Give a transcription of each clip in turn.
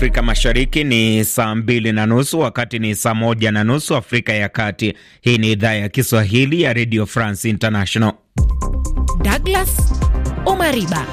Afrika Mashariki ni saa mbili na nusu wakati ni saa moja na nusu Afrika ya Kati. Hii ni idhaa ya Kiswahili ya Radio France International. Douglas Omariba,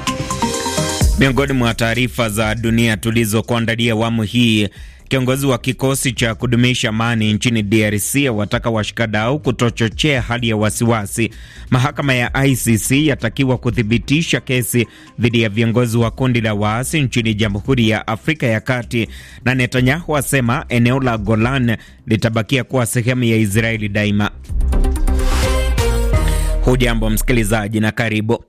miongoni mwa taarifa za dunia tulizokuandalia awamu hii Kiongozi wa kikosi cha kudumisha amani nchini DRC awataka washikadau kutochochea hali ya wasiwasi. Mahakama ya ICC yatakiwa kuthibitisha kesi dhidi ya viongozi wa kundi la waasi nchini Jamhuri ya Afrika ya Kati, na Netanyahu asema eneo la Golan litabakia kuwa sehemu ya Israeli daima. Hujambo msikilizaji na karibu.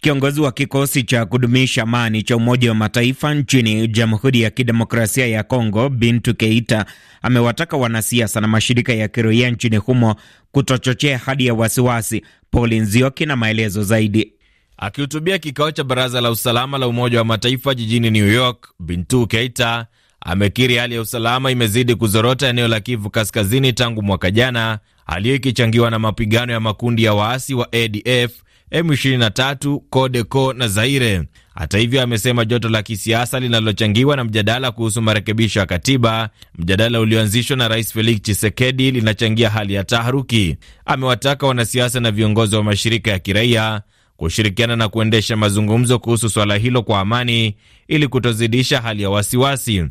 Kiongozi wa kikosi cha kudumisha amani cha Umoja wa Mataifa nchini Jamhuri ya Kidemokrasia ya Kongo, Bintu Keita, amewataka wanasiasa na mashirika ya kiraia nchini humo kutochochea hali ya wasiwasi. Paul Nzioki na maelezo zaidi. Akihutubia kikao cha Baraza la Usalama la Umoja wa Mataifa jijini New York, Bintu Keita amekiri hali ya usalama imezidi kuzorota eneo la Kivu Kaskazini tangu mwaka jana, hali hiyo ikichangiwa na mapigano ya makundi ya waasi wa ADF M23, CODECO na Zaire. Hata hivyo, amesema joto la kisiasa linalochangiwa na mjadala kuhusu marekebisho ya katiba, mjadala ulioanzishwa na Rais Felix Tshisekedi, linachangia hali ya taharuki. Amewataka wanasiasa na viongozi wa mashirika ya kiraia kushirikiana na kuendesha mazungumzo kuhusu swala hilo kwa amani ili kutozidisha hali ya wasiwasi.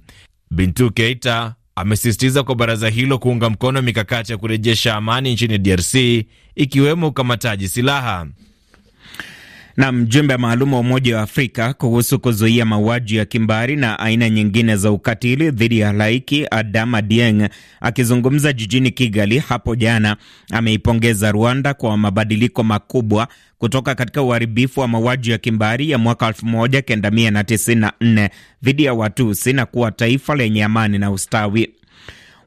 Bintu Keita amesisitiza kwa baraza hilo kuunga mkono mikakati ya kurejesha amani nchini DRC ikiwemo ukamataji silaha. Na mjumbe maalum wa Umoja wa Afrika kuhusu kuzuia mauaji ya kimbari na aina nyingine za ukatili dhidi ya halaiki Adama Dieng akizungumza jijini Kigali hapo jana ameipongeza Rwanda kwa mabadiliko makubwa kutoka katika uharibifu wa mauaji ya kimbari ya mwaka 1994 dhidi ya Watusi na kuwa taifa lenye amani na ustawi.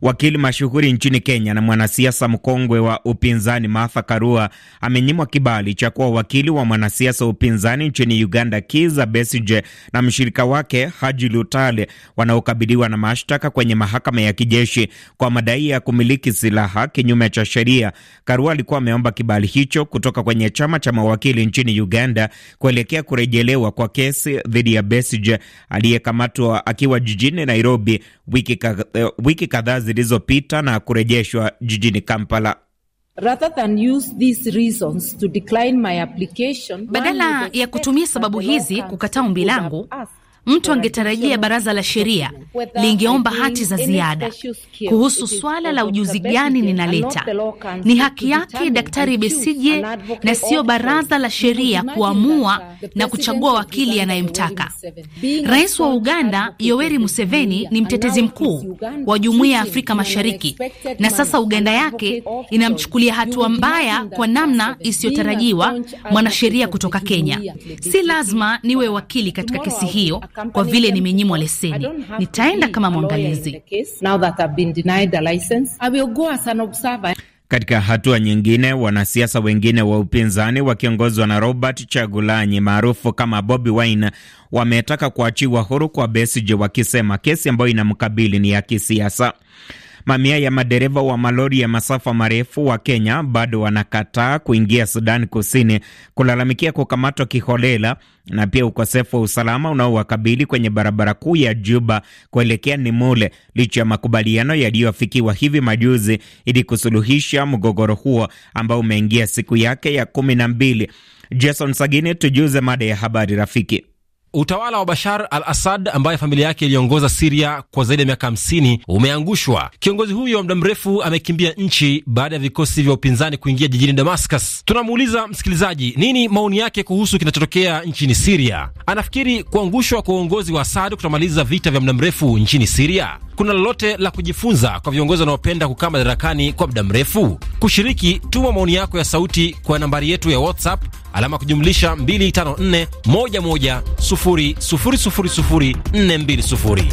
Wakili mashuhuri nchini Kenya na mwanasiasa mkongwe wa upinzani Martha Karua amenyimwa kibali cha kuwa wakili wa mwanasiasa wa upinzani nchini Uganda Kizza Besigye na mshirika wake Haji Lutale wanaokabiliwa na mashtaka kwenye mahakama ya kijeshi kwa madai ya kumiliki silaha kinyume cha sheria. Karua alikuwa ameomba kibali hicho kutoka kwenye chama cha mawakili nchini Uganda kuelekea kurejelewa kwa kesi dhidi ya Besigye aliyekamatwa akiwa jijini Nairobi wiki kadhaa zilizopita na kurejeshwa jijini Kampala. Rather than use these reasons to decline my application, badala ya kutumia sababu hizi kukataa ombi langu, Mtu angetarajia baraza la sheria lingeomba hati za ziada kuhusu swala la ujuzi gani ninaleta. Ni haki yake Daktari Besije na siyo baraza la sheria kuamua na kuchagua wakili anayemtaka. Rais wa Uganda Yoweri Museveni ni mtetezi mkuu wa Jumuiya ya Afrika Mashariki, na sasa Uganda yake inamchukulia hatua mbaya kwa namna isiyotarajiwa mwanasheria kutoka Kenya. Si lazima niwe wakili katika kesi hiyo kwa vile nimenyimwa leseni. Nitaenda kama mwangalizi. Katika hatua nyingine, wanasiasa wengine wa upinzani wakiongozwa na Robert Chagulanyi maarufu kama Bobi Wine wametaka kuachiwa huru kwa Besigye, wakisema kesi ambayo inamkabili ni ya kisiasa. Mamia ya madereva wa malori ya masafa marefu wa Kenya bado wanakataa kuingia Sudan Kusini kulalamikia kukamatwa kiholela na pia ukosefu wa usalama unaowakabili kwenye barabara kuu ya Juba kuelekea Nimule, licha ya makubaliano yaliyoafikiwa hivi majuzi ili kusuluhisha mgogoro huo ambao umeingia siku yake ya kumi na mbili. Jason Sagini, tujuze mada ya habari rafiki. Utawala wa Bashar al Assad ambaye familia yake iliongoza Siria kwa zaidi ya miaka 50 umeangushwa. Kiongozi huyo wa muda mrefu amekimbia nchi baada ya vikosi vya upinzani kuingia jijini Damascus. Tunamuuliza msikilizaji nini maoni yake kuhusu kinachotokea nchini Siria. Anafikiri kuangushwa kwa uongozi wa Assad kutamaliza vita vya muda mrefu nchini Siria? kuna lolote la kujifunza kwa viongozi wanaopenda kukaa madarakani kwa muda mrefu? Kushiriki, tuma maoni yako ya sauti kwa nambari yetu ya WhatsApp alama kujumlisha 254 110000420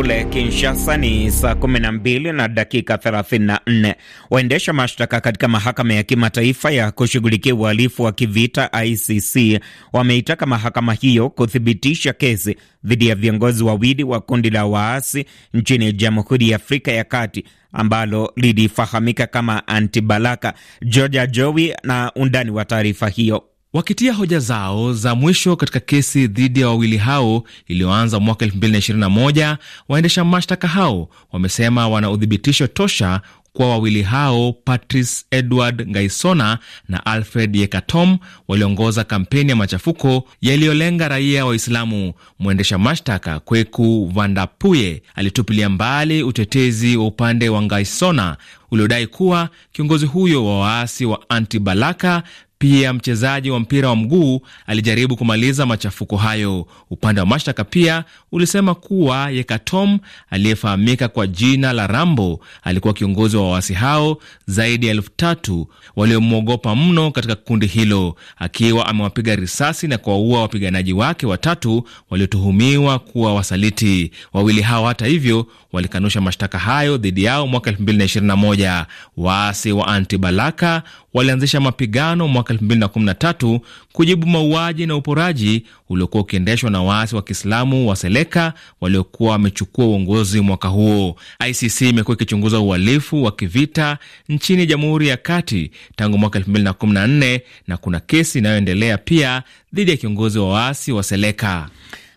kule Kinshasa ni saa 12 na dakika 34. Waendesha mashtaka katika mahakama ya kimataifa ya kushughulikia uhalifu wa kivita ICC wameitaka mahakama hiyo kuthibitisha kesi dhidi ya viongozi wawili wa kundi la waasi nchini Jamhuri ya Afrika ya Kati ambalo lilifahamika kama Antibalaka. Georgia Jowi na undani wa taarifa hiyo. Wakitia hoja zao za mwisho katika kesi dhidi ya wawili hao iliyoanza mwaka 2021, waendesha mashtaka hao wamesema wana uthibitisho tosha kwa wawili hao Patrice Edward Ngaisona na Alfred Yekatom waliongoza kampeni ya machafuko yaliyolenga raia Waislamu. Mwendesha mashtaka Kweku Vandapuye alitupilia mbali utetezi wa upande wa Ngaisona uliodai kuwa kiongozi huyo wa waasi wa Anti Balaka pia mchezaji wa mpira wa mguu alijaribu kumaliza machafuko hayo. Upande wa mashtaka pia ulisema kuwa Yekatom aliyefahamika kwa jina la Rambo alikuwa kiongozi wa waasi hao zaidi ya elfu tatu waliomwogopa mno katika kundi hilo, akiwa amewapiga risasi na kuwaua wapiganaji wake watatu waliotuhumiwa kuwa wasaliti. Wawili hao hata hivyo walikanusha mashtaka hayo dhidi yao mwaka 2021. Waasi wa Antibalaka walianzisha mapigano mwaka mwaka 2013 kujibu mauaji na uporaji uliokuwa ukiendeshwa na waasi wa Kiislamu wa Seleka waliokuwa wamechukua uongozi mwaka huo. ICC imekuwa ikichunguza uhalifu wa kivita nchini Jamhuri ya Kati tangu mwaka 2014 na kuna kesi inayoendelea pia dhidi ya kiongozi wa waasi wa Seleka.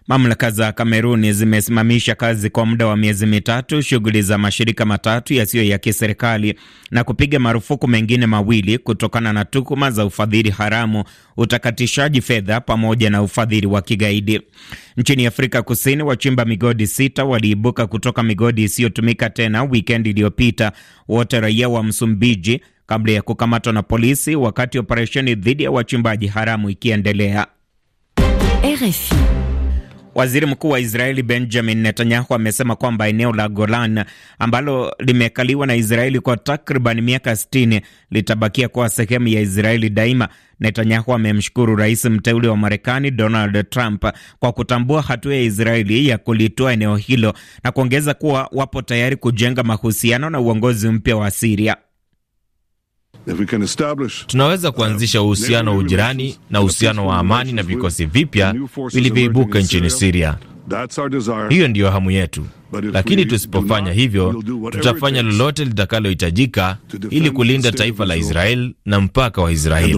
Mamlaka za Kameruni zimesimamisha kazi kwa muda wa miezi mitatu shughuli za mashirika matatu yasiyo ya, ya kiserikali na kupiga marufuku mengine mawili kutokana na tuhuma za ufadhili haramu, utakatishaji fedha pamoja na ufadhili wa kigaidi. Nchini Afrika Kusini, wachimba migodi sita waliibuka kutoka migodi isiyotumika tena wikendi iliyopita, wote raia wa Msumbiji, kabla ya kukamatwa na polisi wakati operesheni dhidi ya wachimbaji haramu ikiendelea. RFI Waziri mkuu wa Israeli Benjamin Netanyahu amesema kwamba eneo la Golan ambalo limekaliwa na Israeli kwa takriban miaka 60 litabakia kuwa sehemu ya Israeli daima. Netanyahu amemshukuru rais mteule wa Marekani Donald Trump kwa kutambua hatua ya Israeli ya kulitoa eneo hilo na kuongeza kuwa wapo tayari kujenga mahusiano na uongozi mpya wa Siria. Tunaweza kuanzisha uhusiano wa ujirani na uhusiano wa amani na vikosi vipya vilivyoibuka nchini Siria. Hiyo ndiyo hamu yetu, lakini tusipofanya hivyo, tutafanya lolote litakalohitajika ili kulinda taifa la Israel na mpaka wa Israeli.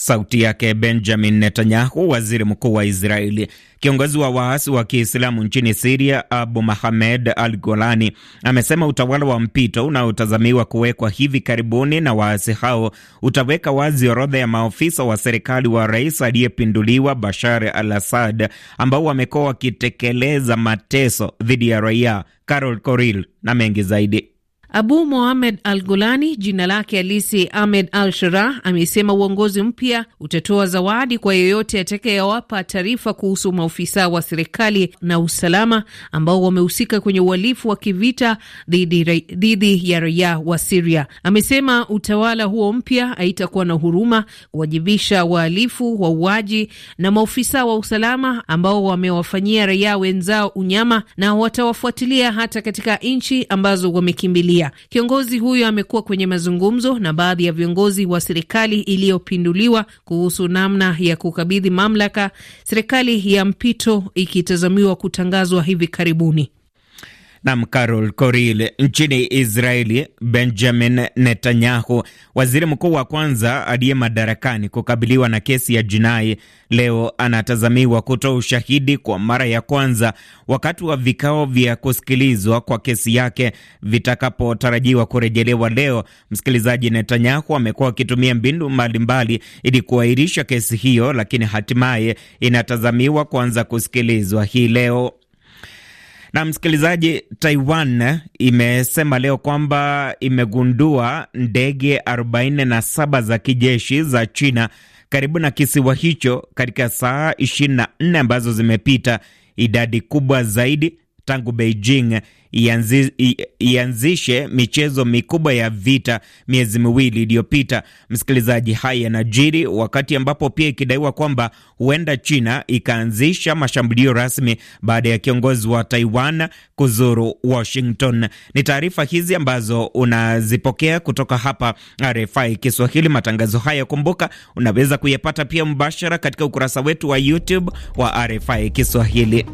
Sauti yake Benjamin Netanyahu, waziri mkuu wa Israeli. Kiongozi wa waasi wa Kiislamu nchini Siria, Abu Mahamed Al Golani, amesema utawala wa mpito unaotazamiwa kuwekwa hivi karibuni na waasi hao utaweka wazi orodha ya maofisa wa serikali wa rais aliyepinduliwa Bashar Al Assad ambao wamekuwa wakitekeleza mateso dhidi ya raia. Carol Koril na mengi zaidi. Abu Mohamed Al Gulani, jina lake halisi Ahmed Al Sharah, amesema uongozi mpya utatoa zawadi kwa yeyote atakayewapa taarifa kuhusu maofisa wa serikali na usalama ambao wamehusika kwenye uhalifu wa kivita dhidi ya raia wa Siria. Amesema utawala huo mpya haitakuwa na huruma kuwajibisha wahalifu, wauaji na maofisa wa usalama ambao wamewafanyia raia wenzao unyama na watawafuatilia hata katika nchi ambazo wamekimbilia. Libya. Kiongozi huyo amekuwa kwenye mazungumzo na baadhi ya viongozi wa serikali iliyopinduliwa kuhusu namna ya kukabidhi mamlaka, serikali ya mpito ikitazamiwa kutangazwa hivi karibuni. Nam Carol Koril. Nchini Israeli, Benjamin Netanyahu, waziri mkuu wa kwanza aliye madarakani kukabiliwa na kesi ya jinai, leo anatazamiwa kutoa ushahidi kwa mara ya kwanza wakati wa vikao vya kusikilizwa kwa kesi yake vitakapotarajiwa kurejelewa leo. Msikilizaji, Netanyahu amekuwa akitumia mbinu mbalimbali ili kuahirisha kesi hiyo, lakini hatimaye inatazamiwa kuanza kusikilizwa hii leo. Na msikilizaji, Taiwan imesema leo kwamba imegundua ndege 47 za kijeshi za China karibu na kisiwa hicho katika saa 24 ambazo zimepita, idadi kubwa zaidi tangu Beijing ianzi, ianzishe michezo mikubwa ya vita miezi miwili iliyopita. Msikilizaji, haya yanajiri wakati ambapo pia ikidaiwa kwamba huenda China ikaanzisha mashambulio rasmi baada ya kiongozi wa Taiwan kuzuru Washington. Ni taarifa hizi ambazo unazipokea kutoka hapa RFI Kiswahili. Matangazo haya kumbuka, unaweza kuyapata pia mbashara katika ukurasa wetu wa YouTube wa RFI Kiswahili.